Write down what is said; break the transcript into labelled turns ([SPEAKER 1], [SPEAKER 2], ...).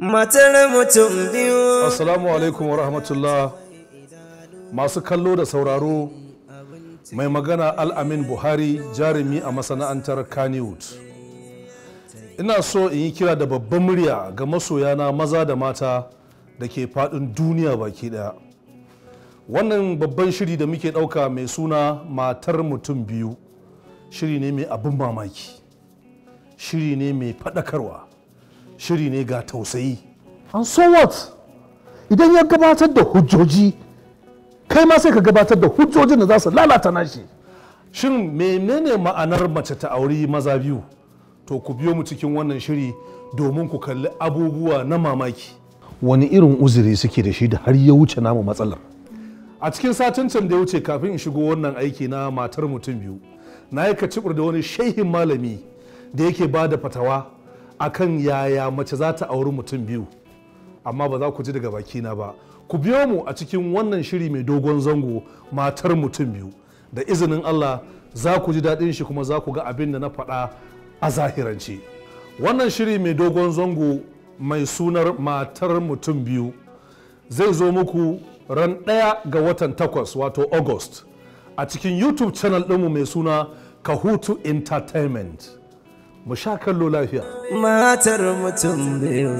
[SPEAKER 1] matar mutum biyu assalamu alaikum wa rahmatullah masu kallo da sauraro mai magana al'amin buhari jarumi a masana'antar kaniwood ina so in yi kira da babban murya ga masoyana maza da mata da ke faɗin duniya baki ɗaya wannan babban shiri da muke ɗauka mai suna matar mutum biyu shiri ne mai abin mamaki shiri ne mai faɗakarwa shiri ne ga tausayi an so what idan ya gabatar da hujjoji kai ma sai ka gabatar da hujjojin da za su lalata nashi shin menene ma'anar mace ta auri maza biyu to ku biyo mu cikin wannan shiri domin ku kalli abubuwa na mamaki
[SPEAKER 2] wani irin uzuri suke da shi da har ya wuce namu matsalar
[SPEAKER 1] a cikin satin can da ya wuce kafin in shigo wannan aiki na matar mutum biyu na yi ka da wani shehin malami da yake ba da fatawa akan yaya mace za ta auri mutum biyu amma ba za ku ji daga bakina ba ku biyo mu a cikin wannan shiri mai dogon zango matar mutum biyu da izinin allah za ku ji daɗin shi kuma za ku ga abin da na faɗa a zahirance wannan shiri mai dogon zango mai sunar matar mutum biyu zai zo muku ran ɗaya ga watan takwas wato august a cikin youtube channel ɗinmu mai suna kahutu entertainment mu sha kallo lafiya matar mutum biyu